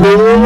Poor